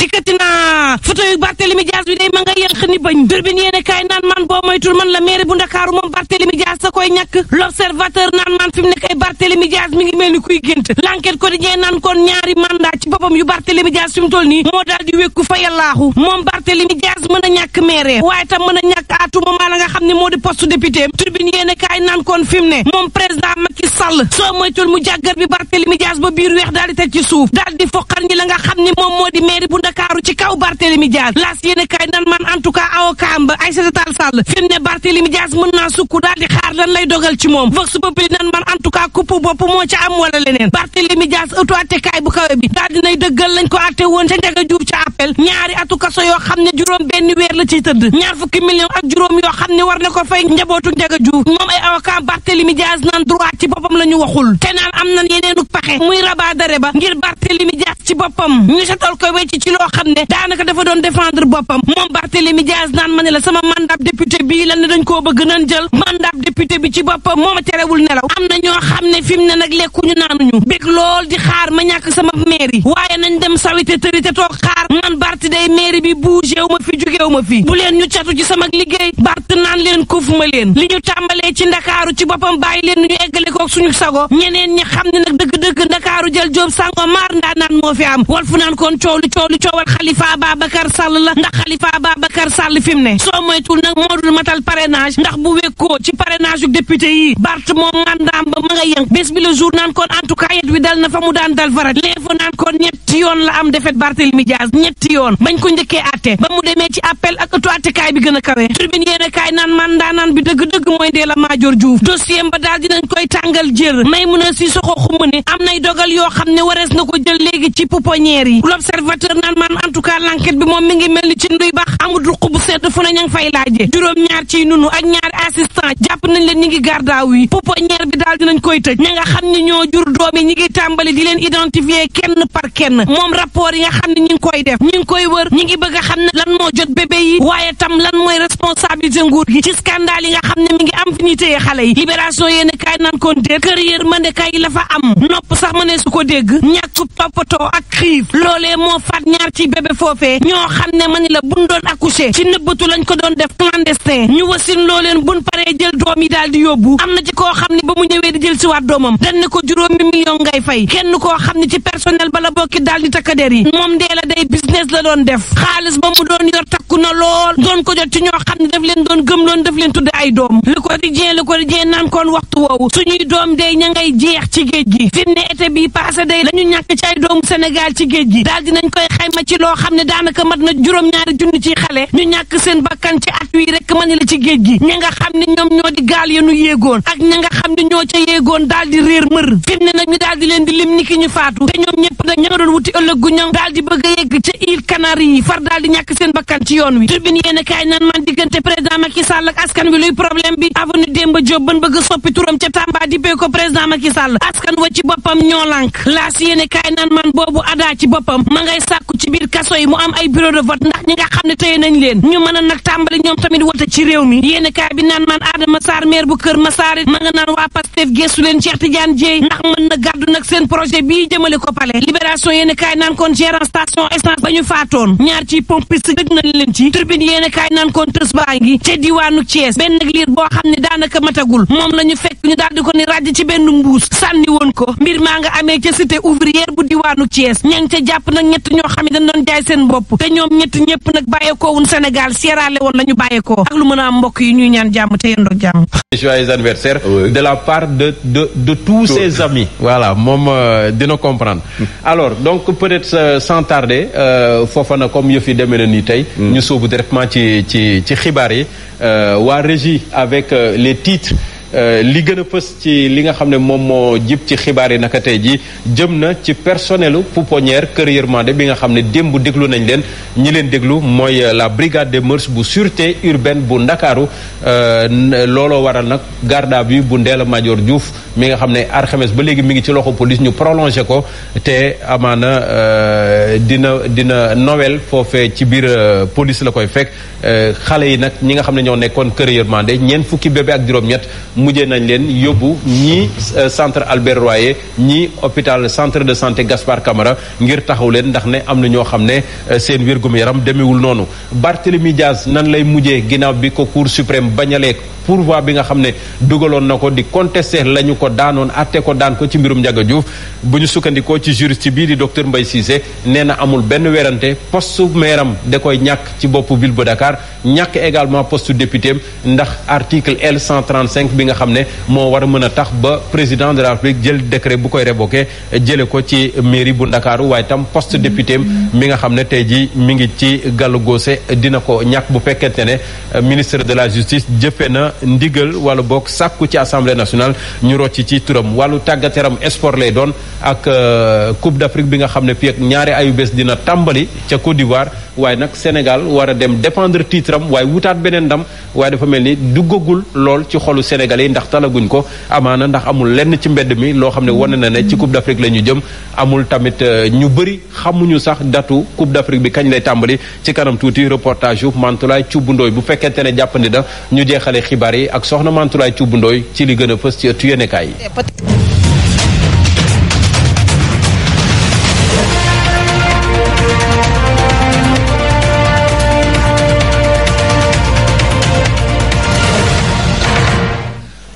dikkati naa yu Barthélemy Dias bi day ma nga yënq ni bañ turbine yéene naan kon ñaari a a ne moom président Macky Sall soo moytul mu jàggar bi Barthélemy Dias ba biir weex daal di teg ci suuf daal di foqar ñi nga xam ni moom moo di maire bu Ndakaaru ci kaw Barthélemy Dias laas yéen kay nan man en tout cas avocat am ba Aïssata Tall Sall fi mu ne Barthélemy Dias mën naa sukk daal di xaar lan lay dogal ci moom la ciy tëdd ñaar fukki million ak juróom yoo xam ne war na ko ay avocat Barthélemy Dias naan droit ci boppam la waxul te naan am nan yeneenu paxe muy rabaadare ba ngir Barthélemy Dias ci boppam ñu setal ko wecc ci boo xam ne bi ci boppam moo na ñoo xam ne fi mu ne nag lekkuñu naanuñu bég lool di xaar ma ñàkk sama man Barth day mairie bi bougé ma fi jógewu ma fi bu leen ñu catu ci sama liggéey Barth naan leen kuuf li ñu tàmbalee ci ndakaaru ci boppam bàyyi leen ñu eggale koog suñu sago ñeneen ñi xam ne nag dëgg-dëgg ndakaaru jël joob sango maar ndaa naan moo fi am wolfu naan kon coow li coow coowal xalifa Ababacar Sall la ndax xalifa Ababacar Sall fi mu ne soo moytul nag moo dul matal parrainage ndax bu wekkoo ci parrainage yu député yi Bart moom mandaam ba ma nga yëng bés bi le jour naan kon en tout cas yet wi dal na fa mu daan dal farat l'info naan kon ñetti yoon la am defet Barthélemy Dias ñetti yoon bañ ko njëkkee atte ba mu demee ci appel ak ëttu bi gën a kawe turbine yéen a kaay naan man daanaan bi dëgg-dëgg mooy Ndella Madior Diouf dossier ba daal dinañ koy tàngal jër may mun a yoo xam ne warees na ko jël léegi ci pouponnière yi l'observateur man en tout cas l'enquête bi moom mi ngi mel ni ci nduy bax amul ruq bu sedd fu ne ña ngi fay laajee juróom-ñaar ciy nunu ak ñaari assistant jàpp nañ leen ñi ngi gardaaw yi pouponnière bi daal dinañ koy tëj ña nga xam ne ñoo jur doom yi ñi ngi tàmbali di leen identifier kenn par kenn moom rapport yi nga koy wër ñi ngi bëgg a xam ne lan moo jot bébé yi waaye tam lan mooy responsabilité nguur gi ci scandale yi nga xam ne mi ngi am fi ñuy téye xale yi libération yéen kaay naan kon déet kër yër mënde kaay la fa am nopp sax mënee su ko dégg ñàkk toppatoo ak xiif ñaar ci bébé foofee ñoo xam ne mani la buñ doon accouché ci nëbbatu lañ ko doon def clandestin ñu wasin loo leen paree jël doom yi daal yóbbu am na ci koo xam ne ba mu ñëwee di jël si waat doomam dañ ne ko juróomi million ngay fay kenn koo xam ne ci personnel bala bokki daal takkadeer yi moom dee la day business la doon def xaalis ba mu doon yor takku na lool doon ko jot ci ñoo xam ne daf leen doon gëm loon daf leen tudde ay doom le quotidien le gi fi ma ci loo xam ne daanaka mat na juróom-ñaari junni ci xale ñu ñàkk seen bakkan ci at wi rek ma ni la ci géej gi ña nga xam ne ñoom ñoo di gaal ya nu yéegoon ak ña nga xam ne ñoo ca yéegoon daal di réer mër fi ne nag ñu daal di leen di lim ni ki ñu faatu te ñoom ñëpp nag ña nga doon wuti ëllëg gu ñoom daal bëgg a yegg ca îles Canaries yi far daal di ñàkk seen bakkan ci yoon wi turbine yéen a kaay naan man diggante président Macky Sall ak askan wi luy problème bi avenue Demba Diop ban bëgg a soppi turam ca Tamba di pee ko président Macky Sall askan wa ci boppam ñoo lànk laas yéen a kaay naan man boobu adaa ci boppam ma ngay sàkku ci biir kaso yi mu am ay bureau de vote ndax ñi nga xam ne tey nañ leen ñu mën a nag tàmbali ñoom tamit wote ci réew mi yéeni bi naan maan Adama Sarr maire bu Kër Massar ma nga naan waa Pastef geesu leen Cheikh Tidiane Dièye ndax mën na gàddu nag seen projet bii jëmale ko palais libération yéeni naan kon gérant station essence ba ñu faatoon ñaar ci pompiste dëgg nañ leen ci tribune yéeni naan kon tës baa ngi ca diwaanu Thiès benn liir ne daanaka moom la ñu fekk ñu daal di ko ni ràjj ci benn mbuus sànni woon ko mbir maa nga amee ñi dañ jaay seen bopp te ñoom ñett ñëpp nag bàyyeekoo wun Sénégal Sierra Leone la ñu bàyyeekoo ak lu mën a mbokk yi ñuy ñaan jàmm te yendoo jàmm. joyeux anniversaire de la part de de de tous ses amis. voilà moom euh, dina comprendre. alors donc peut-être euh, sans tarder euh, foofa na comme yëf yi demee na nii tey. Mm. ñu sóobu directement ci ci ci xibaar yi waa régie avec les titres. Euh, li gën a fës ci li nga xam ne moom moo jib ci xibaar yi naka tey ji jëm na ci personnelu pouponnière Kër Yërmande bi nga xam ne démb déglu nañ leen ñi leen déglu mooy euh, la brigade de mœurs bu sûreté urbaine bu Ndakaaru euh, looloo waral nag garde à vue bu Ndella Madior Diouf mi nga xam ne alxames ba léegi mi ngi ci loxo police ñu prolongé ko te amaana dina dina Noël foofee ci biir police la koy fekk xale yi nag ñi nga xam ne ñoo nekkoon Kër Yërmande ñeent fukki bébé ak juróom mujjee nañ leen yóbbu ñii euh, centre Albert Royer ñii hôpital centre de santé Gaspard Camara ngir taxaw leen ndax ne am na ñoo xam ne euh, seen wérgum yaram demewul noonu Barthélemy Diaz nan lay mujjee ginnaaw bi ko Cour suprême bañalee pourvoi bi nga xam ne dugaloon na ko di contester la ñu ko daanoon atte ko daan ko ci mbirum Ndiaga Diouf bu ñu sukkandikoo ci ci biir di docteur mbay Cissé nee na amul benn werante poste maire am da koy ñàkk ci boppu bil bu ñàkk également poste député ndax article L 135 nga xam ne moo war a mën a tax ba président de la République jël décret bu koy révoqué jële ko ci mairie bu Ndakaaru waaye tam poste député mi nga xam ne tey jii mi ngi ci gàllu goose dina ko ñàkk bu fekkente ne euh, ministre de la justice jëfe na ndigal wala boog sàkku ci assemblée nationale ñu rocc ci turam wàllu tàggat yaram sport lay doon ak euh, coupe d'Afrique bi nga xam ne fii ak ñaari ayu bés dina tàmbali ca Côte d'Ivoire waaye nag Sénégal war dem défendre titre am yi ndax talaguñ ko amaana ndax amul lenn ci mbedd mi loo xam ne wane na ne ci coupe d' afrique la ñu jëm amul tamit euh, ñu bëri xamuñu sax datu coupe d' bi kañ lay tàmbali ci kanam tuuti reportage yu Mantulaay ndooy bu fekkente ne jàppandi da ñu jeexale xibaar yi ak soxna Mantulaay Cubbundooy ci li gën a fës ci ëttu yéenekaay yi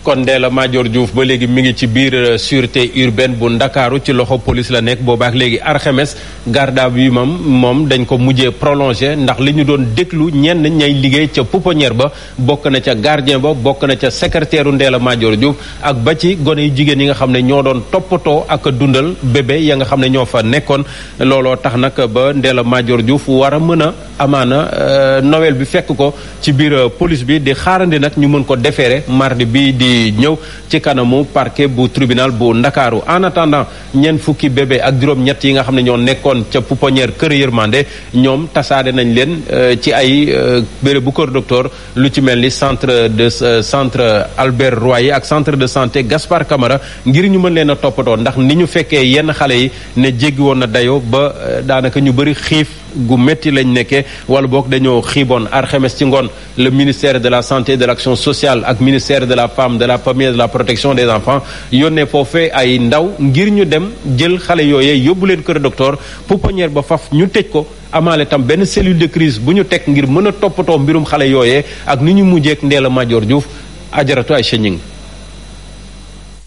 kon Ndella Madior Diouf ba léegi mi ngi ci biir euh, sûreté urbaine bu ndakaaru ci loxo police la nekk boobaak léegi arxemes garde à moom moom dañ ko mujjee prolongé ndax li ñu doon déglu ñenn ñay liggéey ca pouponnière ba bokk na ca gardien ba bokk na ca secrétaire u Ndella Madior Diouf ak ba ci gone yi jigéen yi nga xam ne ñoo doon toppatoo ak dundal bébé ya nga xam ne ñoo fa nekkoon looloo tax nag ba Ndella Madior Diouf war a mën a amaana euh, nowel bi fekk ko ci biir euh, police bi di xaarandi nag ñu mën ko defeere mardi bi di di ñëw ci kanamu parquet bu tribunal bu ndakaaru en attendant ñeent fukki bébé ak juróom-ñett yi nga xam ne ñoo nekkoon ca pouponnière kër Yërmande ñoom tasaade nañ leen euh, ci ay euh, bérébu kër docteur lu ci mel ni centre de euh, centre Albert Royer ak centre de santé Gaspard Camara ngir ñu mën leen a toppatoo ndax ni ñu fekkee yenn xale yi ne jéggi na dayoo ba daanaka ñu bëri xiif. gu métti lañu nekkee wala boog dañoo xiiboon arxemes ci ngoon le ministère de la santé de l' sociale ak ministère de la femme de la famille de la protection des enfants yónnee foofee ay ndaw ngir ñu dem jël xale yooyee yóbbu leen kër docteur pouponnière ba faf ñu tëj ko amaale tam benn cellule de crise bu ñu teg ngir mën a toppatoo mbirum xale yooyee ak ni ñu mujjeek Ndella Madior Diouf ajaratu ay chening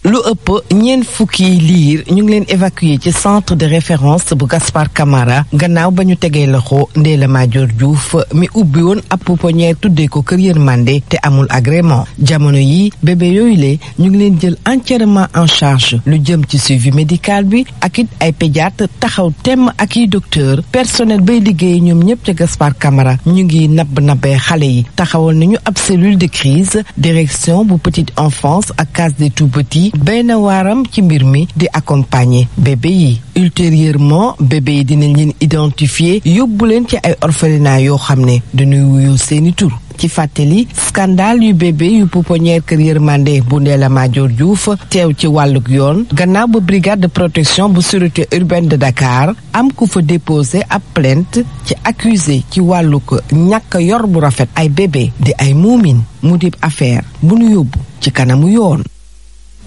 lu ëpp ñeent fukki liir ñu ngi leen évacué ci centre de référence bu gaspar kamara gannaaw ba ñu tegee loxo Ndella Madior Diouf mi ubbi woon ab pouponnière tuddee ko kër yërmande te amul agrément jamono yi bébé yooyu le ñu ngi leen jël entièrement en charge lu jëm ci suivi médical bi ak it ay pédiatre taxaw temm ak i docteur personnel bay liggéey ñoom ñëpp ca Gaspard kamara ñu ngi nabb nabbee xale yi taxawal nañu ab cellule de crise direction bu petite enfance ak case des tout petits bay na waaram ci mbir mi di accompagner bébé yi ultérieurement bébé yi dina leen identifier yóbbu leen ci ay orphelinat yoo xam ne dañuy wuyoo seeni tur ci fàttali scandale yu bébé yu pouponnière Kër Yërmande bu Ndella Madior Diouf teew ci wàllug yoon gannaaw ba brigade de protection bu sûreté urbaine de dakaar am ku fa déposé ab plainte ci accusé ci wàllug ñàkk yor bu rafet ay bébé di ay muumin mu dib affaire bu nu yóbbu ci kanamu yoon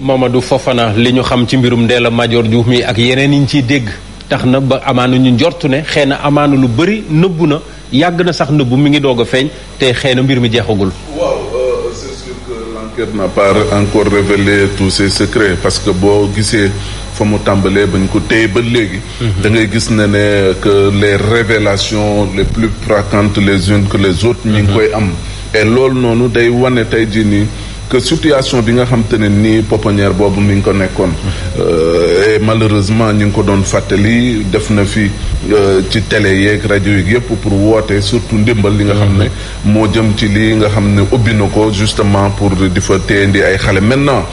Mamadou Fofana li ñu xam ci mbirum Ndella Madior Diouf mii ak yeneen yi ñu ciy dégg tax na ba amaana ñu njortu ne xëy na amaana lu bëri nëbbu na yàgg na sax nëbbu mi ngi doog a feeñ te xëy na mbir mi jeexagul. waaw euh, c'est sûr encore révélé tous parce que boo gisee fa mu tàmbalee bañ ko téye ba léegi. Mhm. da ngay gis na ne que les révélations les plus frappantes les unes que les autres. ñu ngi mhm. koy am et loolu noonu day wane tey jii nii. que situation bi nga xam te ne nii pouponnière boobu mi ngi ko nekkoon euh, et malheureusement ñu ngi ko doon fàttali def na fi euh, ci télé yeeg rajo yi yëpp pour woote surtout ndimbal li nga xam ne moo jëm ci li nga xam ne ubbi na ko justement pour di fa téyendi ay xale maintenant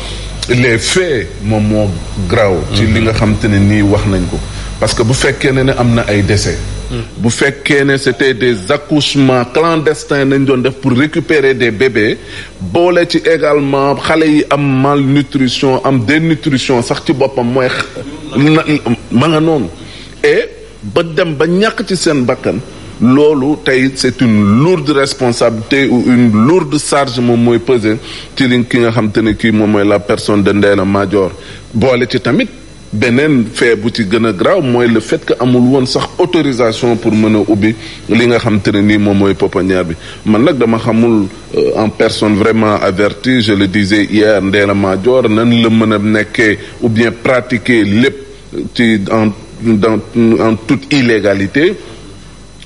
les faits moom moo graaw ci li nga xam te ne nii wax nañ ko parce que bu fekkee ne ne am na ay décès bu fekkee ne c'était des accouchements clandestins nañ doon def pour récupérer des bébés boole ci également xale yi am malnutrition am dénutrition sax ci boppam mooy ma nga noonu e ba dem ba ñàkk ci seen bakkan loolu tey c'est une lourde responsabilité ou une lourde charge moom mooy peser ci li ki nga xam te ne kii moom mooy la personne de Ndella Madior boole ci tamit beneen fee bu ci gën a graw mooy le fait que amul woon sax autorisation pour mën a ubbi li nga xam te ne nii moom mooy pouponnière bi man nag dama xamul euh, en personne vraiment avertie je le disais hier Ndella Madior nan la mën a nekkee ou bien pratiquer lépp ci en dans en toute illégalité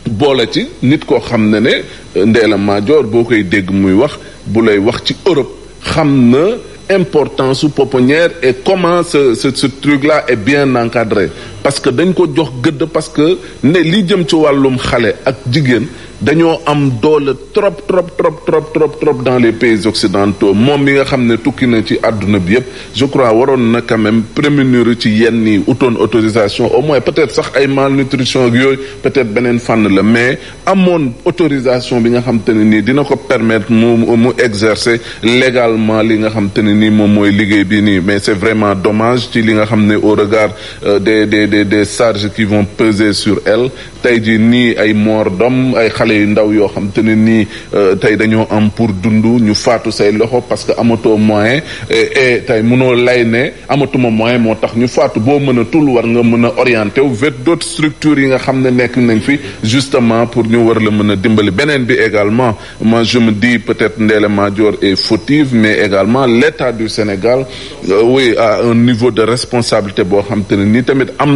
boole ci nit koo xam ne ne euh, Ndella Madior boo koy dégg muy wax bu lay wax ci Europe xam na importance su pouponnière et comment ce, ce, ce truc-là est bien encadré parce que dañ ko jox gëdd parce que ne li jëm ci wàllum xale ak jigéen dañoo am doole trop trop trop trop trop trop dans les pays occidentaux moom mi nga xam ne tukki na ci àdduna bi yépp je crois waroon na quand même prémunir ci yenn yi utoon autorisation au moins peut-être sax ay malnutrition ak yooyu peut-être beneen fànn la mais amoon autorisation bi nga xam te ne nii dina ko permettre mu mu exercer légalement li nga xam te ne nii moom mooy liggéey bi nii mais c'est vraiment dommage ci li nga xam ne au regard euh, des des des des charges qui vont peser sur elle tey jii nii ay moor dom ay xale yu ndaw yoo xam te ne nii euh, tey dañoo am pour dund ñu faatu say loxo parce que amatoo moyen et tey mënoo lay ne amatuma moyen moo tax ñu faatu boo mën a tul war nga mën a orienté wu vers d'autres yi nga xam ne nekk nañ fi justement pour ñu war la mën a dimbali beneen bi également moi je me dis peut-être Ndella Madior est fautive mais également l'État du Sénégal euh, oui à un niveau de responsabilité boo xam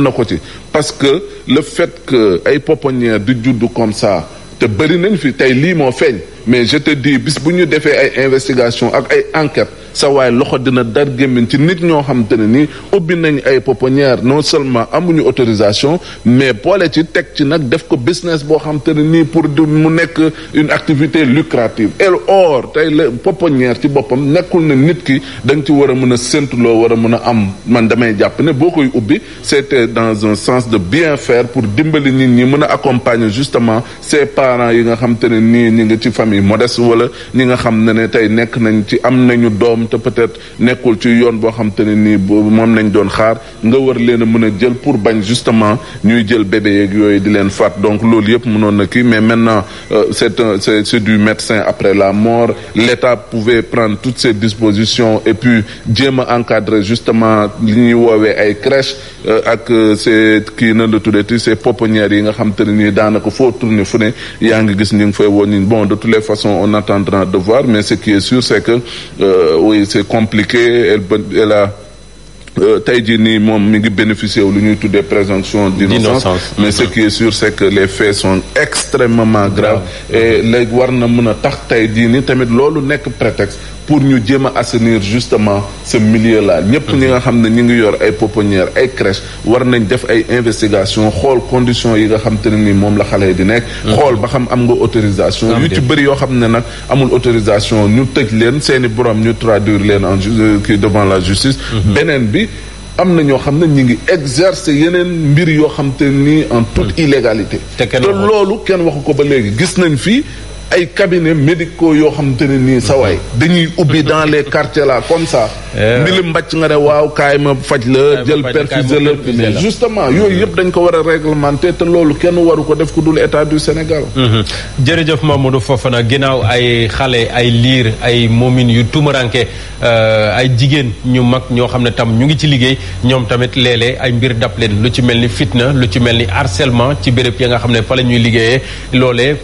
na ko ci parce que le fait que ay pouponnières di juddu comme ça te bëri nañ fi tey lii moo feeñ mais je te dis bis bu ñu defee ay investigation ak ay enquêtes sa waay loxo dina dar gémmiñ ci nit ñoo xam te ne nii ubbi nañ ay pouponnière non seulement amuñu autorisation mais boole ci teg ci nag def ko business boo xam te ne nii pour di mu nekk une activité lucrative et or tey la pouponnière ci boppam nekkul na nit ki da nga ci war a mën a séntu loo war a mën a am man damay jàpp ne boo koy ubbi c'était dans un sens de bien faire pour dimbali nit ñi mën a accompagner justement ces parent yi nga xam te ne nii ñi ngi ci famille modeste wala ñi nga xam ne ne tey nekk nañ ci am nañu doom doom te peut-être nekkul ci yoon boo xam te ne nii moom nañ doon xaar nga war leen a mën a jël pour bañ justement ñuy jël bébé yeeg yooyu di leen faat donc loolu yëpp mënoon na kii mais maintenant euh, c'est un c'est du médecin après la mort l'État pouvait prendre toutes ses dispositions et puis jéem a encadrer justement li ñuy woowee ay crèche euh, ak euh, ces kii na la tuddati ces pouponnières yi nga xam te ne nii daanaka foo tourner fu ne yaa ngi gis ñu ngi woo woon bon de toutes les façons on attendra de voir mais ce qui est sûr c'est que oui c'est compliqué elle peut elle euh, tey jii nii moom mi ngi bénéficier wu lu ñuy tuddee présomption d'innocence mais ce qui est sûr c'est que les faits sont extrêmement graves et léegi war na mën a tax tey jii nii tamit loolu nekk prétexte pour ñu jéem a assainir justement ce milieu là ñëpp ñi nga xam ne ñu ngi yor ay pouponnières ay crèches war nañ def ay investigation xool conditions yi nga xam te ne ni moom la xale yi di nekk mm. xool ba xam am nga autorisation yu ci bëri yoo xam ne nag amul autorisation ñu tëj leen seeni borom ñu traduire leen en euh, kii devant la justice mm-hmm. beneen bi am na ñoo xam ne ñu ngi exercer yeneen mbir yoo xam te nii en toute mm. illégalité te loolu kenn waxu ko ba léegi gis nañ fii ay cabinets médico yoo xamante ne nii sawaay dañuy ubbi dans les quartiers là comme ça mbilim eh mbàcc nga ne waaw kaay ma faj la jël perfuser la mais justement yooyu yëpp dañ ko war a réglementer te loolu kenn waru ko def ko dul état du Sénégal mhm. jërëjëf Mamadou na ginnaaw ay xale ay liir ay moomin yu tumaranke euh, ay jigéen ñu mag ñoo xam ne tam ñu ngi ci liggéey ñoom tamit léeg ay mbir dab leen lu ci mel ni fitna lu ci mel ni harcèlement ci béréb ya nga xam ne fa la ñuy liggéeyee loolee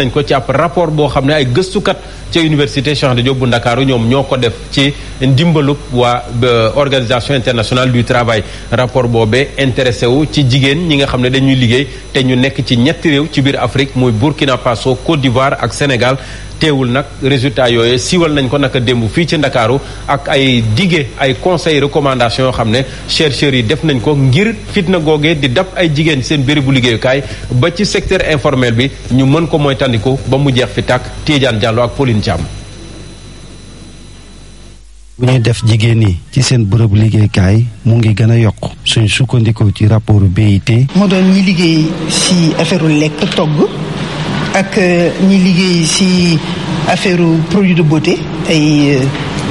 nañ ko ci rapport boo xam ne ay gëstukat ca université Cheikh Anta Diop bu Ndakaaru ñoom ñoo ko def ci ndimbalub waa euh, organisation internationale du travail rapport boobee intéressé wu ci jigéen ñi nga xam ne dañuy liggéey te ñu nekk ci ñetti réew ci biir Afrique muy Burkina Faso Côte d'Ivoire ak Sénégal teewul nag résultat yooyu siiwal nañ ko naka démb fii ci ndakaaru ak ay dige ay conseil recommandation yoo xam ne chercheurs yi def nañ ko ngir fitna googee di dab ay jigéen seen bérébu liggéeyukaay ba ci secteur informel bi ñu mën ko mooy ba mu jeex fi tàkk Tidiane Diallo ak polin Thiam bu ñuy def jigéen ñi ci seen bërëb liggéeykaay mu ngi gën a yokk suñ sukkandikoo ci rapport BIT. moo doon ñi liggéey si affaire lekk togg ak euh, ñi liggéey ci affaire produit de beauté ay euh,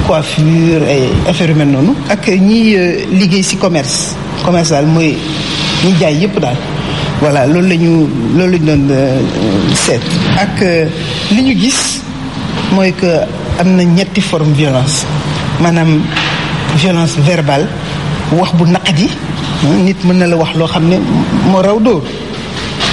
coiffure ay affaire yu mel noonu ak ñi euh, liggéey ci commerce commerce daal mooy ñi jaay yépp daal voilà loolu la ñu loolu la ñu doon seet ak li ñu gis mooy que am na ñetti forme violence maanaam violence verbale wax bu naqadi nit mën na la wax loo xam ne moo raw dóor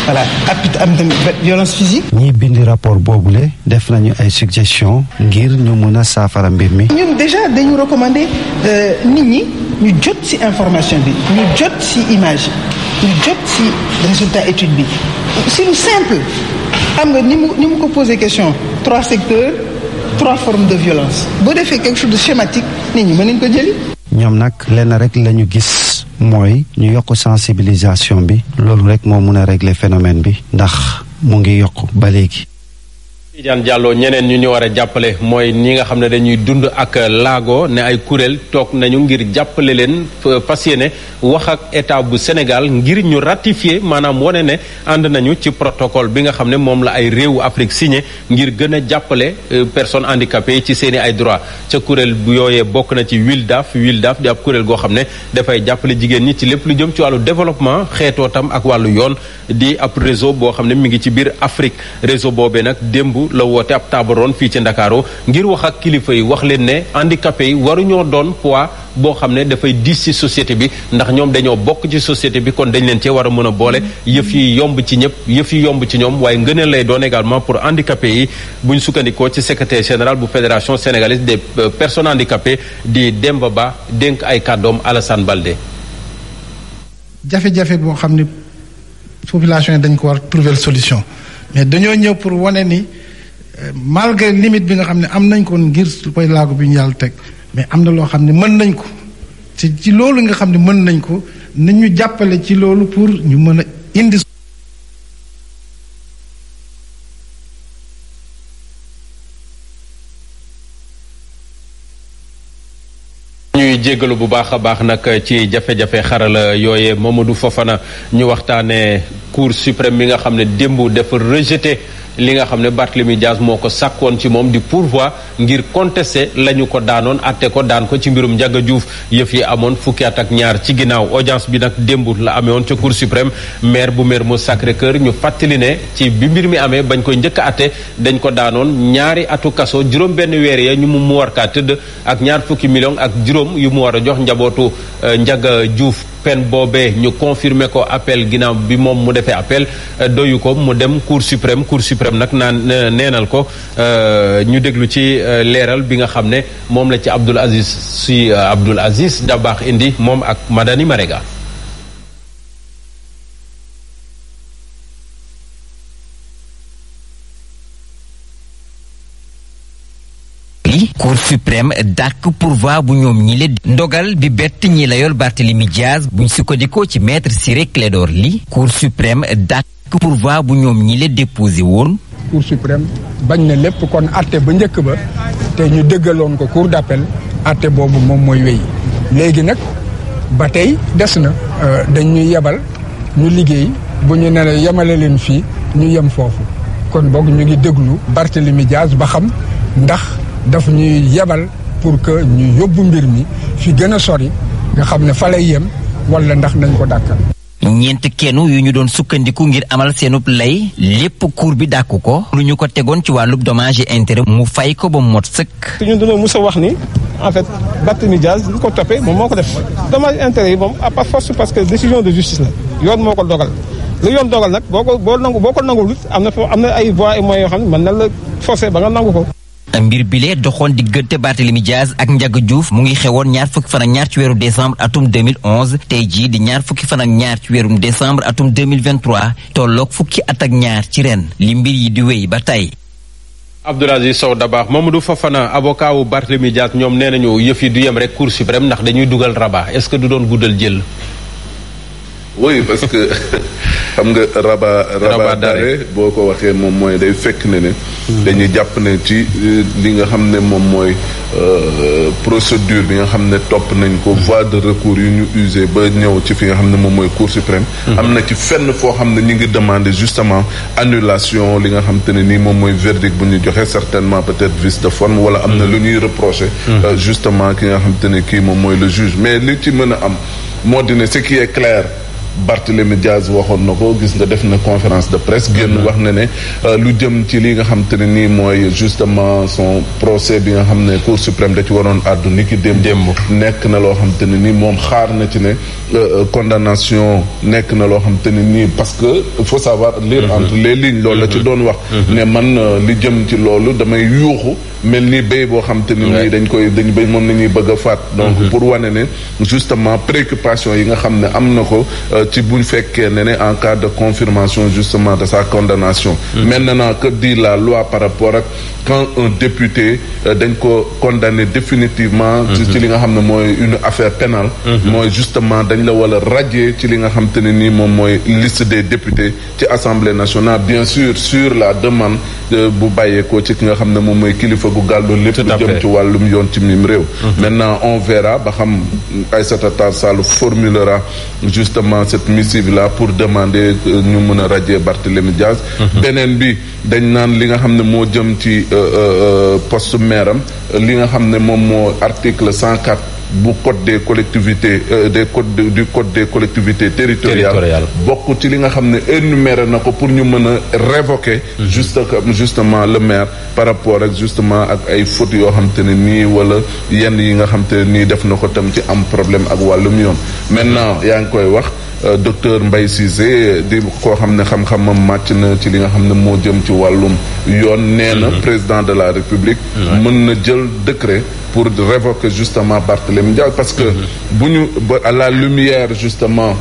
voilà ak it am tamit violence physique. ñiy bind rapport boobule def nañu ay suggestion ngir ñu mun a saafara mbir mi. ñun déjà dañu recommander euh, nit ñi ñu jot ci information bi ñu jot ci image ñu jot ci résultat étude bi c'est lu simple xam nga ni mu ni question trois secteurs trois formes de violence boo quelque chose de schématique nit ñi mën nañ ko jëli. ñoom nag lenn rek lañu gis. mooy ñu yokk sensibilisation bi loolu rek moo mun a réglé phénomène bi ndax mu ngi yokk ba léegi Tidiane Diallo ñeneen ñu ñu war a jàppale mooy ñi nga xam ne dañuy dund ak laago ne ay kuréel toog nañu ngir jàppale leen fas yéene wax ak état bu Sénégal ngir ñu ratifier maanaam wane ne ànd nañu ci protocole bi nga xam ne moom la ay réewu Afrique signé ngir gën a jàppale euh, personnes handicapées yi ci seen i ay droit ca kuréel bu yooyee bokk na ci WILDAF WILDAF di ab kuréel goo xam ne dafay jàppale jigéen ñi ci lépp lu jëm ci wàllu développement xeetoo tam ak wàllu yoon di ab réseau boo xam ne mi ngi ci biir Afrique réseau boobee nag démb la woote ab taabaroon fii ci ndakaaru ngir wax ak kilifa yi wax leen ne handicapé yi waruñoo doon poids boo xam ne dafay diis ci société bi ndax ñoom dañoo bokk ci société bi kon dañ leen cee war a mën a boole yëf yi yomb ci ñëpp yëf yi yomb ci ñoom waaye ngëneel lay doon également pour handicapé yi buñ sukkandikoo ci secrétaire général bu fédération sénégalaise des euh, personnes handicapées di Demba Ba dénk ay kàddoom Alassane Balde jafe-jafe boo xam ne population dañ ko war trouver solution ni malgré limite bi nga xam ne am nañ ko ngir koy laago bi ñu yàlla teg mais am na loo xam ne mën nañ ko ci ci loolu nga xam ne mën nañ ko nañu jàppale ci loolu pour ñu mën a indi jéggalu bu baax a baax nag ci jafe-jafe xarala yooye Mamadou Fofana ñu waxtaane Cour suprême bi nga xam ne démb dafa rejeté li nga xam ne Barthélemy Diaz moo ko sàkkoon ci moom di pourvoi ngir contester la ñu ko daanoon atte ko daan ko ci mbirum Ndiaga juuf yëf yi amoon fukki at ak ñaar ci ginnaaw audience bi nag démb la amee woon ca cour suprême maire bu maire mu Sacré-Cœur ñu fàttali ne ci bi mbir mi amee bañ koy njëkk a atte dañ ko daanoon ñaari atu kaso juróom benn weer ya ñu mu mu war kaa tëdd ak ñaar fukki million ak juróom yu mu war a jox njabootu euh, njaga Diouf peine boobee ñu confirmer ko appel ginnaaw bi moom mu defee appel euh, doyu ko mu dem cour suprême cour suprême nag naan euh, neenal ko euh, ñu déglu ci leeral bi nga xam ne moom la ci Abdoul Aziz si Abdoul Aziz Dabakh indi moom ak Madani Marega suprême dàkk pourvoi bu ñoom ñi le ndogal bi bett ñi layool Barthélemy Diaz buñ sukkandikoo ci maître Ciré Clédor Ly cour suprême dàkk pourvoi bu ñoom ñi le déposé woon cour suprême bañ na lépp kon atte ba njëkk ba te ñu dëggaloon ko cour d'appel atte boobu moom mooy wéy léegi nag ba tey des na euh, dañuy yebal ñu liggéey bu ñu ne yemale leen fii ñu yem foofu kon boog ñu ngi déglu Barthélemy Diaz ba xam ndax daf ñuy yebal pour que ñu yóbbu mbir mi fi gën a sori nga xam ne fa lay yem wala ndax nañ ko dàkkal. ñeent kennu yu ñu doon sukkandiku ngir amal seenub lay lépp cour bi dàkku ko lu ñu ko tegoon ci wàllu domage et mu fay ko ba moot sëkk. te ñun dañoo mus a wax ni en fait Barthélémy Dias lu ko toppee moom moo ko def dommage intérêt yi moom à force parce que décision de justice la yoon moo ko dogal lu yoon dogal nag boo ko boo nangu boo ko nanguwul am na foo am na ay voies et moyens xam ne mën na la forcer ba nga nangu ko. mbir bilee doxoon diggante Barthélemy Diaz ak Ndiaga juuf mu ngi xewoon ñaar fukki fan ak ñaar ci weeru décembre atum tey jii di ñaar fukki fan ak ñaar ci weerum décembre atum 2023 tolloog fukki at ak ñaar ci ren li mbir yi di wéy ba tey Abdoul Aziz Sow Dabakh Mamadou Fofana avocat wu Barthélemy Diaz ñoom nee nañu yëf yi du yem rek Cour suprême ndax dañuy dugal Rabat est-ce que du doon guddal jël oui parce que xam nga Rabat Rabat boo ko waxee moom mooy day Mm-hmm. dañuy jàpp ne ci euh, li nga xam ne moom mooy euh, procédure bi nga xam ne topp nañ ko mm-hmm. voie de recours yu ñu usé ba ñëw ci fi nga xam ne moom mooy cour suprême mm-hmm. am na ci fenn foo xam ne ñu ngi demander justement annulation li nga xam te ne nii moom mooy verdict bu ñu joxe certainement peut-être vice de forme wala am na lu ñuy reprocher euh, justement ki nga xam te ne kii moom mooy le juge mais li ci mën a am moo di ne ce qui est clair Barthélémy Diaz waxoon na ko gis nga def na conférence de presse génn mm-hmm. wax na ne euh, lu jëm ci li nga xam te ne nii mooy justement son procès bi nga xam ne cour suprême da ci waroon àddu ni ki démb nekk na loo xam te ne nii moom xaar na ci ne euh, euh, condamnation nekk na loo xam te ne nii parce que il faut savoir lire mm-hmm. entre les lignes loolu la ci mm-hmm. doon wax ne man li jëm ci loolu damay yuuxu mel ni béy boo xam te ne nii dañ koy dañ béy moom nañuy bëgg a faat donc pour wane ne justement préoccupation yi nga xam ne am na ko ci buñ fekkee ne ne en cas de confirmation justement de sa condamnation mm. maintenant que dit la loi par rapport ak quand un député euh, dañ ko condamné définitivement mm-hmm. ci li nga xam ne mooy une affaire pénale mm-hmm. mooy justement dañ la wala radier ci li nga xam te ne nii moom mooy liste des députés ci assemblée nationale bien sur sur la demande euh, bu bàyyeekoo ci ki nga xam ne moom mooy kilifa gu gàllu lépp lu jëm ci wàllum yoon ci mim réew mm-hmm. maintenant on verra ba xam Aïssata Tall Sall formulera justement cette missive la pour demander euh, ñu mën a radier Barthélémy Diaz mhm. beneen bi dañ naan li nga xam ne moo jëm ci euh, euh, poste maire am li nga xam ne moom moo article cent quatre bu code des collectivité des code du code des collectivités territoriales bokk ci li nga xam ne énuméré na ko pour ñu mën a révoquer mhm. juste comme justement le maire par rapport ak justement ak ay fautes yoo xam te ne nii wala yenn yi nga xam te ne nii def na ko tam ci am problème ak wàllum yoon maintenant yaa ngi koy wax Euh, docteur Mbaye Cissé di koo xam ne xam-xamam màcc na ci li nga xam ne moo jëm ci wàllum yoon nee na mhm. président de la république mën na jël décret pour révoquer justement Barthélémy Dias parce que mhm. bu ñu à la lumière justement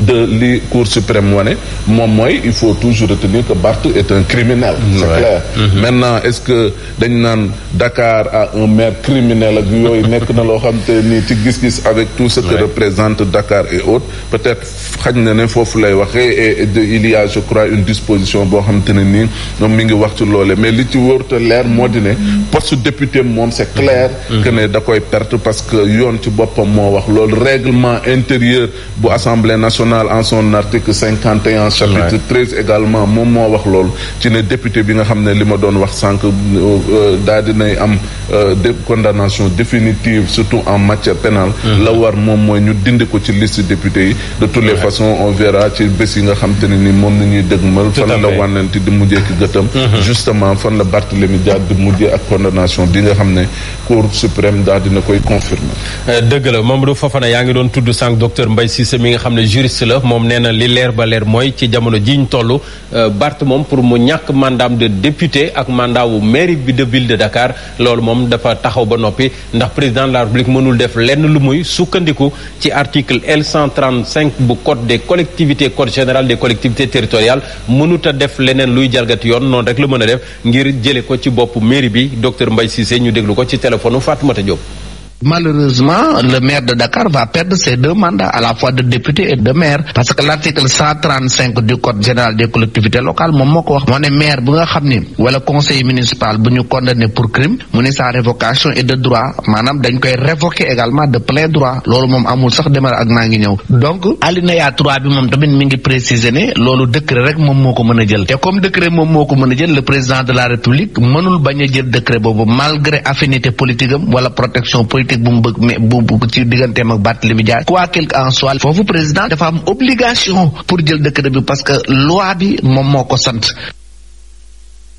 de li cour suprême wane moom mooy il faut toujours retenir que Barth est un criminel c'est ouais. clair mm est-ce que dañ naan dakaar a un maire criminel ak yooyu nekk na loo xam te ni ci gis-gis avec tout ce que ouais. représente Dakar et autres peut-être xañ na ne foofu lay waxee et il y je crois une disposition boo xam te ne nii moom mi ngi wax ci loole mais li ci wóorute leer moo di ne poste député moom se clair mm-hmm. que ne da perte parce que yoon ci boppam moo wax loolu règlement intérieur bu Assemblée nationale en son article cinquante et un moom moo wax loolu ci ne député bi nga xam ne li ma doon wax sànq euh, di dinay am euh, de condamnation définitive surtout en matière pénale mm-hmm. la war moom mooy ñu dindi ko ci liste député yi de toutes les façons on verra ci bés yi nga xam te ne ni moom na ñuy dëgmal fan la wànnanti di mujjee ki gëtam mm-hmm. justement fan la Barthélémy Dias di mujjee ak condamnation bi nga xam ne cour suprême daal dina koy confirmer euh, dëgg la Mamadou Fofana yaa ngi doon tudd sànq docteur Mbaye Cissé mi nga xam ne liste la moom nee na li leer ba leer mooy ci jamono ji ñu toll euh, Barth moom pour mu ñàkk mandaam de député ak mandat wu mairie bi de de Dakar loolu moom dafa taxaw ba noppi ndax président de la République mënul def lenn lu muy sukkandiku ci article L135 bu code des collectivités code général des collectivité territoriales mënuta def leneen luy jalgati yoon noonu rek la mën a def ngir jële ko ci bopp mairie bi docteur Mbaye Cissé ñu déglu ko ci téléphone Fatoumata Diop Malheureusement, le maire de Dakar va perdre ses deux mandats, à la fois de député et de maire, parce que l'article du code général des collectivités locales moom moo ko wax moo ne maire bu nga xam ni wala conseil municipal bu ñu condamné pour crime mu ne sa révocation est de droit maanaam dañ koy révoquer également de plein droit loolu moom amul sax demal ak naa ngi ñëw donc alinéa 3 bi moom tamit mi ngi préciser ne loolu décret rek moom moo moo ko mën a jël le président de la république mënul bañ a jël décret boobu malgré affinité wala protection politique politique bu mu bëgg mais bu bu ci digganteem ak Barthélémy Dias quoi qu'il en soit foofu président dafa am obligation pour jël dëkk bi parce que loi bi moom moo ko sant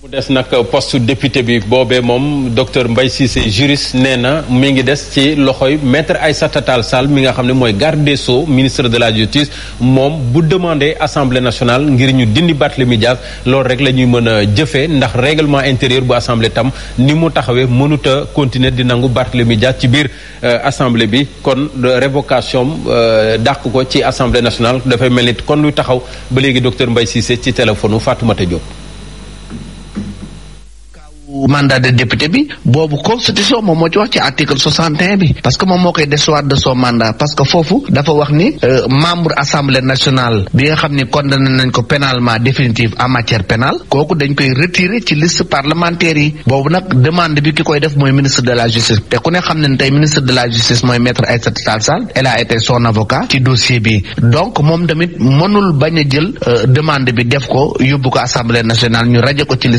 mu des nag post député bi boobee moom docteur mbay Cissé juriste nee na mi ngi des ci loxoy maître ay Tall Sall mi nga xam ne mooy garde des Sceaux ministre de la justice moom bu demandé assemblée nationale ngir ñu dindi Barthélémy Dias loolu rek la ñuy mën a jëfee ndax règlement intérieur bu assemblée tam ni mu taxawee mënut a continuer di nangu Barthélémy Dias ci biir euh, assemblée bi kon révocation euh, dàq ko ci assemblée nationale dafay mel nit kon lu taxaw ba léegi docteur Mbaye Cissé ci téléphone u Fatoumata Diop mandat de député bi boobu constitution moom moo ci wax ci article soixante et bi parce que moom moo koy déchoir de son mandat parce que foofu dafa wax ni euh, membre assemblée nationale bi nga xam ni condamné nañ ko pénalement définitive en matière pénale kooku dañ koy retirer ci liste parlementaire yi boobu nag demande bi ki koy def mooy ministre de la justice te ku ne xam ne tey ministre de la justice mooy maître Aïssata Tall Sall elle a son avocat bi donc moom tamit mënul bañ a jël euh, ci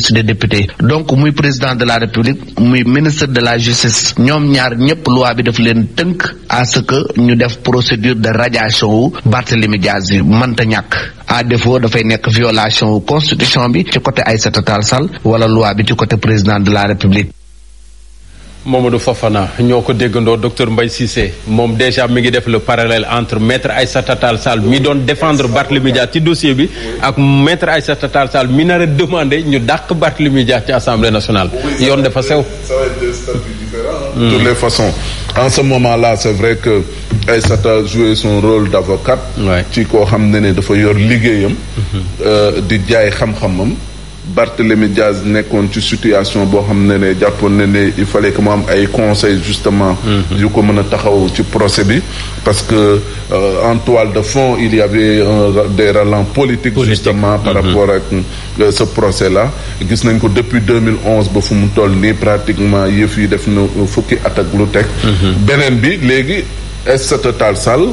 liste président de la république muy ministre de la justice ñoom ñaar ñëpp loi bi def leen tënk à que ñu def procédure de radiation wu Barthélémy Diaz yi mënta ñàkk à défaut dafay nekk violation wu constitution bi ci côté Aïssata Tall Sall wala loi bi ci côté président de la république moom Mamadou Fofana ñoo ko déggandoo docteur mbay Cissé moom déjà mi ngi def le parallèle entre ay Aïssata Tall Sall mi doon défendre Barthélémy Dias ci dossier bi ak maître Aïssata Tall Sall mi nar a demandé ñu dàq Barthélémy Dias ci assemblée nationale. yoon dafa sew. ça va être deux statuts différents. Hmm. de toutes les façons en ce moment là c' que Aïssata joué son rôle d' avocate. ci koo xam ne ne dafa yor liggéeyam. Mm-hmm. Euh, di jaay xam-xamam. Barthélémy Diaz nekkoon ci situation boo xam ne ne jàppoon na ne il fallait que mu am ay conseils justement mhm. yu ko mën a taxaw ci procès bi parce que euh, en toile de fond il y avait des relents politiques justement par mhm. rapport ak euh, ce procès là gis nañ ko depuis 2011 ba fu mu toll nii pratiquement yëf yi def na fukki at ak lu teg mhm. beneen bi léegi Aïssata Tall Sall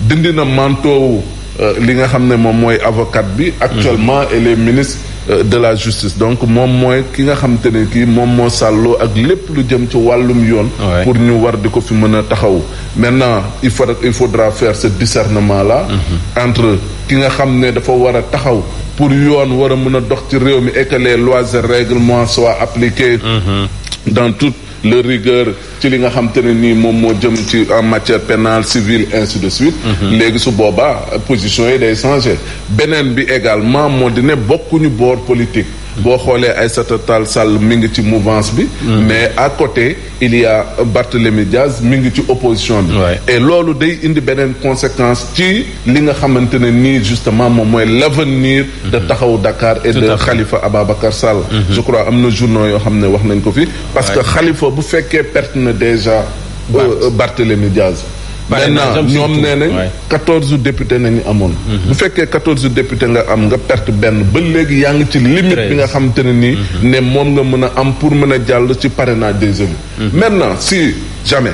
dindi na manteau euh, li nga xam ne moom mooy avocat bi actuellement elle est ministre de la justice donc moom mooy ki nga xam te ne kii moom moo sàlloo ak lépp lu jëm ci wàllum yoon pour ñu war di ko fi mën a taxaw maintenant il faut il faudra faire ce discernement là mm-hmm. entre ki nga xam ne dafa war a taxaw pour yoon war a mën a dox ci réew mi et que les lois et règlements soient appliqués mm-hmm. dans toute la rigueur ci li nga xam te ne nii moom moo jëm ci en matière pénale civile ainsi de suite mhm. léegi su boobaa position yi day changé beneen bi également moo di ne bokkuñu boor politique boo xoolee ay Tall Sall mi ngi ci mouvance bi. Mm-hmm. mais à côté il y a Barthélémy Diaz ngi ci opposition bi. et loolu day indi beneen conséquence ci li nga xamante ne nii justement moom mooy l' avenir. de mm-hmm. taxawu Dakar et de Khalifa Ababacar Sall. Mm-hmm. je crois am na journaux yoo xam ne wax nañ ko fi. parce que xalifa bu fekkee perte na déjà. Euh, Barthélémy Diaz. maintenant ñoom nee nañ quatorze député nañu amoon mhm. bu fekkee quatorze député nga am nga perte benn ba léegi yaa ngi ci limite bi nga xam ne nii mhm. ne moom nga mën am pour mën a jàll ci parrainage des élus mhm. maintenant si jamais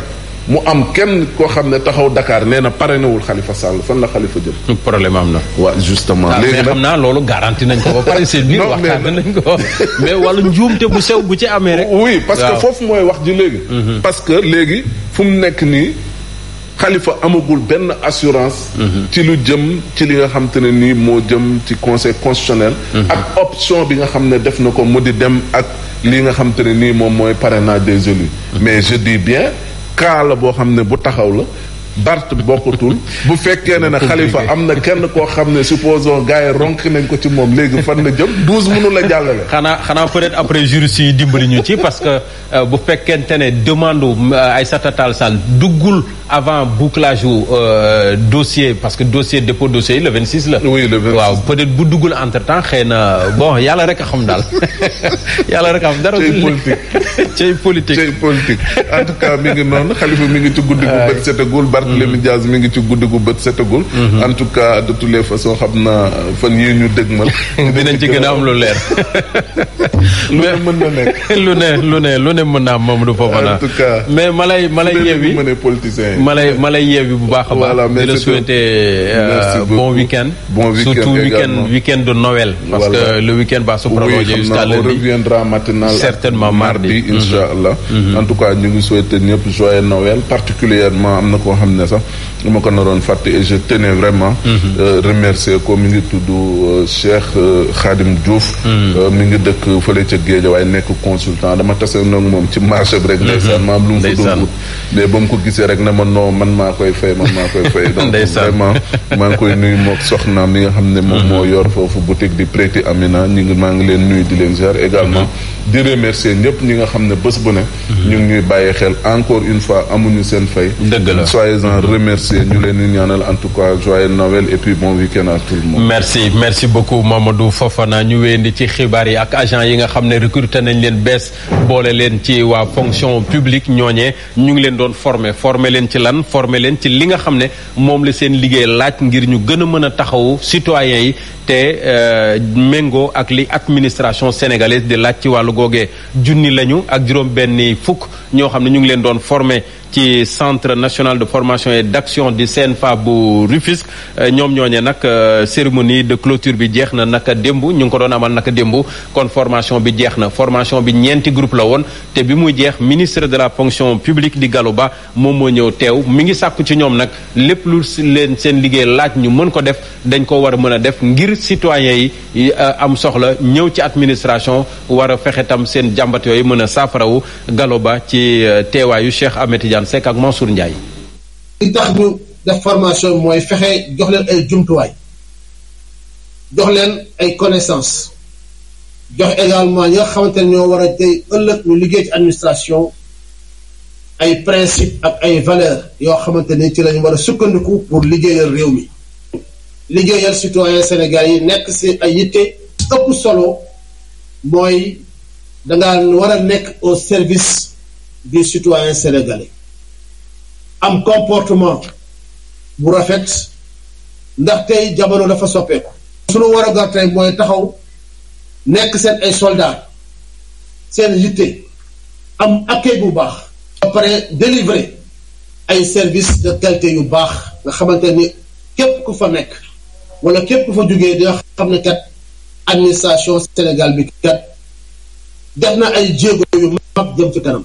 mu am kenn koo xam ne taxaw dakaar nee na nawul wul Khalifa Sall fan la xalifa jëm. problème am na. waaw justement ah, léegi nag xam naa loolu garanti nañ ko ba pare seen biir waxtaan nañ ko mais wala njuumte bu sew bu ci amee rek. oui parce foofu mooy wax ji léegi. parce que léegi fu mu nekk nii. xalifa amagul benn assurance mhm. ci lu jëm ci li nga xam ne nii moo jëm ci conseil constitutionnel mhm. ak option bi nga xam ne def na ko mu di dem ak li nga xam ne nii moom mooy parrainage des élus mhm. mais je dis bien cas boo xam ne bu taxaw la Bart bokkatul bu fekkee ne ne xalifa am na kenn koo xam ne supposons gars yi ronk nañ ko ci moom léegi fan la jëm douze mënu la jàllale. xanaa xanaa peut-être après juriste yi dimbali ñu ci parce que euh, bu fekkente ne demande euh, Aïssata Tall Sall duggul avant bouclage wu euh, dossier parce que dossier dépôt dossier yi la. oui le 26 waaw peut bu duggul entre temps bon yàlla rek a xam daal yàlla rek a xam dara. cey politique cey politique. en tout cas mi Barthélémy Diaz mi ngi ci guddi gu bët setagul mhm. en tout cas fan yii ñu dëgmal dinañ ci gën am lu leer lu ne mën na nekk lu ne lu ne lu ne mën na am Mamadou Fofana en tout cas mais ma lay ma lay yeewi bu baax a baax di la souhaiter euh, bon week-end bon week-end surtout week-end week-end de Noël parce que le week-end va se prolonger mhm. mhm. en tout cas ñu ngi souhaiter ñëpp joyeux particulièrement am na koo xam xam ne sax ma ko naroon fàtte et je tenais vraiment mhm. euh, remercier ko mi ngi tudd euh, Cheikh euh, Khadim Diouf mhm. mi ngi dëkk fële ca géej waaye nekk consultant dama tase nag moom ci marché bi rek mhm. ndeysaan maam lu mu fa doon ko gisee rek ne ma non man maa koy fay man maa koy fay donc vraiment maa ngi koy nuyu mook soxna mi nga xam ne moom moo yor foofu boutique di Preti Amina ñi ngi maa ngi leen nuyu di leen ziar également di remercier ñëpp ñi nga xam ne bés bu ne ñu ngi ñuy bàyyi xel encore une fois amuñu seen fay dëgg la en remercier ñu leen di ñaanal en tout cas joyeux Noël et puis bon week-end à tout le monde. merci merci beaucoup Mamadou Fofana ñu wéyandi ci xibaar yi ak agent yi nga xam ne recruter nañ leen bees boole leen ci waa fonction publique ñooñe ñu ngi leen doon former former leen ci lan former leen ci li nga xam ne moom la seen liggéey laaj ngir ñu gën a mën a taxawu citoyens yi. te euh, méngoo ak li administration sénégalaise di laaj ci wàllu googee junni lañu ak juróom benni fukk ñoo xam ne ñu ngi leen doon formé ci centre national de formation et d'action seen CNFA bu Rufisque euh, ñoom ñooñee nag euh, cérémonie de clôture bi jeex na naka démb ñu ngi ko doon amal naka démb kon formation bi jeex na formation bi ñeenti groupe la woon te bi muy jeex ministre de la fonction publique di Gallo Ba moom moo ñëw teew mi ngi sàkku ci ñoom nag lépp lu leen seen liggéey laaj ñu mën ko def dañ ko war a mën a def ngir citoyens yi euh, am soxla ñëw ci administration war a fexe tam seen jàmbat yooyu mën a saafarawu galo ba ci euh, teewaayu Cheikh Ahmed Tidiane Seck ak Mansour Ndiaye. li tax ñu def formation mooy fexe jox leen ay jumtuwaay jox leen ay connaissances jox également ñi nga xamante ne ñoo war a tey ëllëg ñu liggéey ci administration. ay principe ak ay valeur yoo xamante ni ci lañu war a sukkandiku pour liggéeyal réew mi liggéeyal citoyen Sénégal yi nekk si ay yitte ëpp solo mooy danga war a nekk au service du citoyen sénégalais am comportement bu rafet ndaxte tey jamono dafa soppeeku. sunu war a gar tey mooy taxaw nekk seen ay soldat seen yitte am accueil bu baax. ba pare délivrer ay services de qualité yu baax nga xamante ni képp ku fa nekk. wala képp ku fa jógee dina xam ne kat administration Sénégal bi kat def na ay jéego yu mag jëm ci kanam.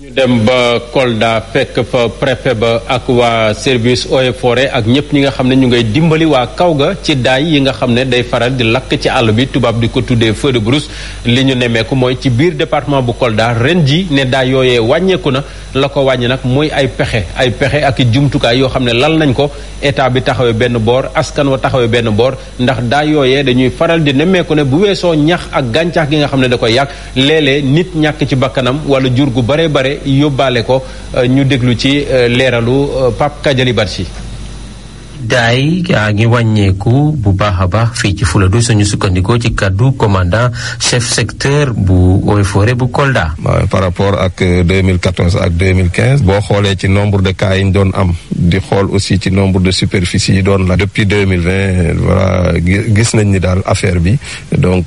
ñu dem ba Kolda fekk fa préfet ba ak waa service eaux et ak ñëpp ñi nga xam ne ñu ngay dimbali waa kaw ga ci daay yi nga xam ne day faral di lakk ci àll bi tubaab di ko tuddee feu de brousse li ñu nemmeeku mooy ci biir département bu Kolda ren ji ne daay yooyee wàññeeku na la ko wàññi nag mooy ay pexe ay pexe ak i jumtukaay yoo xam ne lal nañ ko état bi taxawee benn boor askan wa taxawee benn boor ndax daa yooyee dañuy faral di nemmeeku ne bu weesoo ñax ak gàncax gi nga xam ne da koy yàq pare yóbbaale ko euh, ñu déglu ci euh, leeralu euh, Pape Kajali Barsi daay yaa ngi wàññeeku bu baax a baax fii ci Fuladu suñu sukkandikoo ci kaddu commandant chef secteur bu Eaux et Forêts bu Kolda. par rapport ak 2014 ak 2015 boo xoolee ci nombre de cas yi ñu doon am di xool aussi ci nombre de superficie yi doon la depuis 2020 voilà gis nañ ni daal affaire bi donc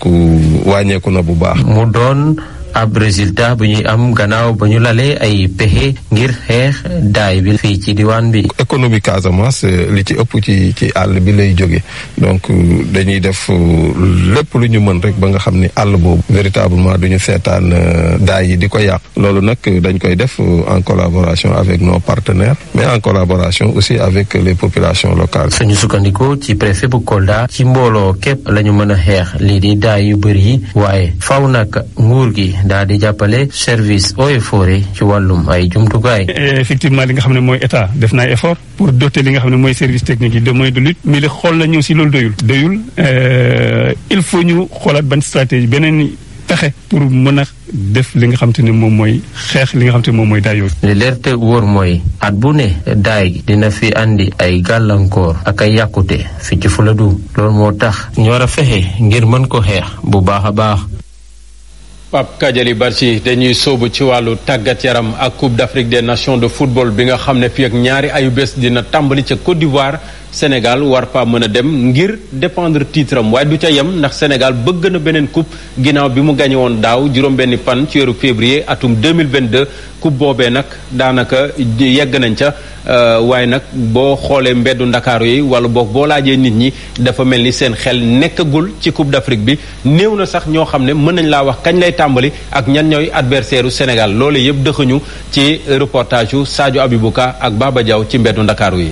wàññeeku na bu baax. mu doon. ab résultat bu ñuy am gannaaw ba ñu lalee ay pexe ngir xeex daay bi fii ci diwaan bi. économie Casamance li ci ëpp ci ci àll bi lay jóge donc euh, dañuy def euh, lépp lu ñu mën rek ba nga xam ni àll boobu véritablement duñu seetaan euh, daay yi di ko yàq loolu nag dañ koy def en collaboration avec nos partenaires mais en collaboration aussi avec les populations locales. suñu sukkandikoo ci préfet bu Kolda ci mbooloo képp la ñu mën a xeex lii di daay yu bëri yi waaye faw nag nguur gi. daal di jàppale service eaux et forêt ci wàllum ay jumtukaay. effectivement li nga xam ne mooy état def na ay effort pour doter li nga xam ne mooy service technique yi de moyens de lutte mais li xool la ñëw si loolu doyul. doyul euh, il faut ñu xoolaat ban stratégie beneen pexe pour mën a def li nga xam te ne moom mooy xeex li nga xam te moom mooy daay yooyu. li leer te wóor mooy at bu ne daay gi dina fi indi ay gàllankoor ak ay yàqute fi ci Fuladu loolu moo tax ñu war a fexe ngir mën ko xeex bu baax a baax. Pape Kadiali Barsi dañuy soobu ci wàllu tàggat yaram ak Coupe d'Afrique des Nations de football bi nga xam ne fii ak ñaari ayu bés dina tàmbali ca Côte d'Ivoire Sénégal war fa mën a dem ngir dependre titre am waaye du ca yem ndax Sénégal bëgg na beneen coupe ginnaaw bi mu gañe woon daaw juróom-benni fan ci weeru février atum 2022 coupe boobee nag daanaka yegg nañ ca euh, waaye nag boo xoolee mbeddu ndakaaru yi wala boog boo laajee nit ñi dafa mel ni seen xel nekkagul ci coupe d'Afrique bi néew na sax ñoo xam ne mën nañ laa wax kañ lay tàmbali ak ñan ñooy adversaire u Sénégal loolu yëpp dëxuñu ci reportage yu Sadio Abibouka ak Baba Diaw ci mbeddu ndakaaru yi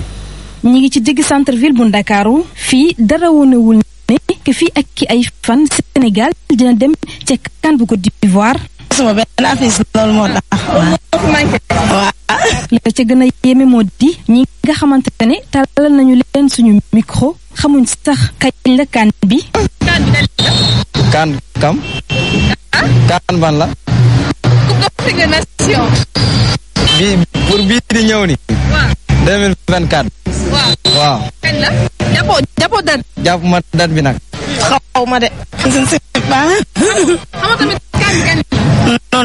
ñi ngi ci digg centre ville bu Ndakaaru fii dara wonewul ne que fii ak ki ay fan Sénégal dina dem ca CAN bu Côte d'Ivoire. sama moo tax waaw. la ca gën a yéeme ñi nga xamante ne nañu leen suñu micro xamuñ sax kañ la bi. CAN kam. CAN ban la. pour bii di ñëw ni waaw waaw. kañ la. jàpp ma date bi nag. xaw ma de. xaw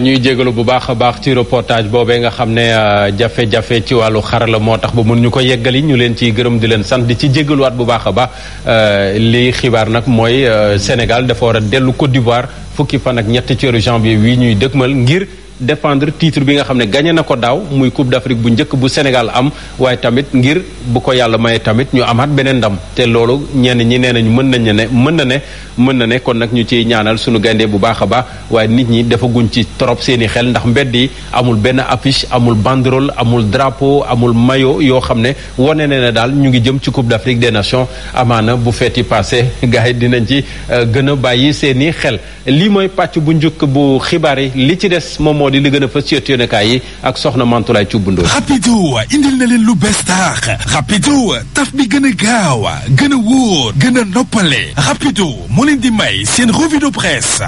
ñuy jégalu bu baax a baax ci reportage boobee nga xam ne euh, jafe-jafe ci wàllu xarala moo tax ba mën ñu ko yeggali ñu leen ci gërëm di leen sant di ci jégaluwaat bu baax a baax euh, li xibaar nag mooy euh, Sénégal dafa war a dellu Côte d'Ivoire fukki fan nag ñett ci weeru janvier wii ñuy dëkkmal ngir. dépendre titre bi nga xam ne gagné na ko daaw muy Coupe d'Afrique bu njëkk bu Sénégal am waaye tamit ngir bu ko yàlla maye tamit ñu amaat beneen ndam te loolu ñenn ñi nee nañ mën nañ ne mën na ne mën na ne kon nag ñu ciy ñaanal suñu gayndee bu baax a baax waaye nit ñi defaguñ ci trop seeni xel ndax mbedd yi amul benn affiche amul banderole amul drapeau amul mayo yoo xam ne wane ne ne daal ñu ngi jëm ci Coupe d'Afrique des Nations amaana bu feeti passé gars yi dinañ ci euh, gën a bàyyi seeni xel lii mooy pàcc bu njëkk bu xibaar yi li ci des moom moo di li gën a fës ci yéenekaay yi ak soxna Mantoulaye Thioubou rapido indil na leen lu bees taax rapido taf bi gën a gaaw gën a wóor gën a noppale rapido moo leen di may seen revue de presse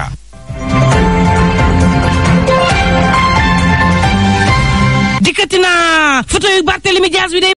dikkati naa photo yu Barthélémy Dias bi day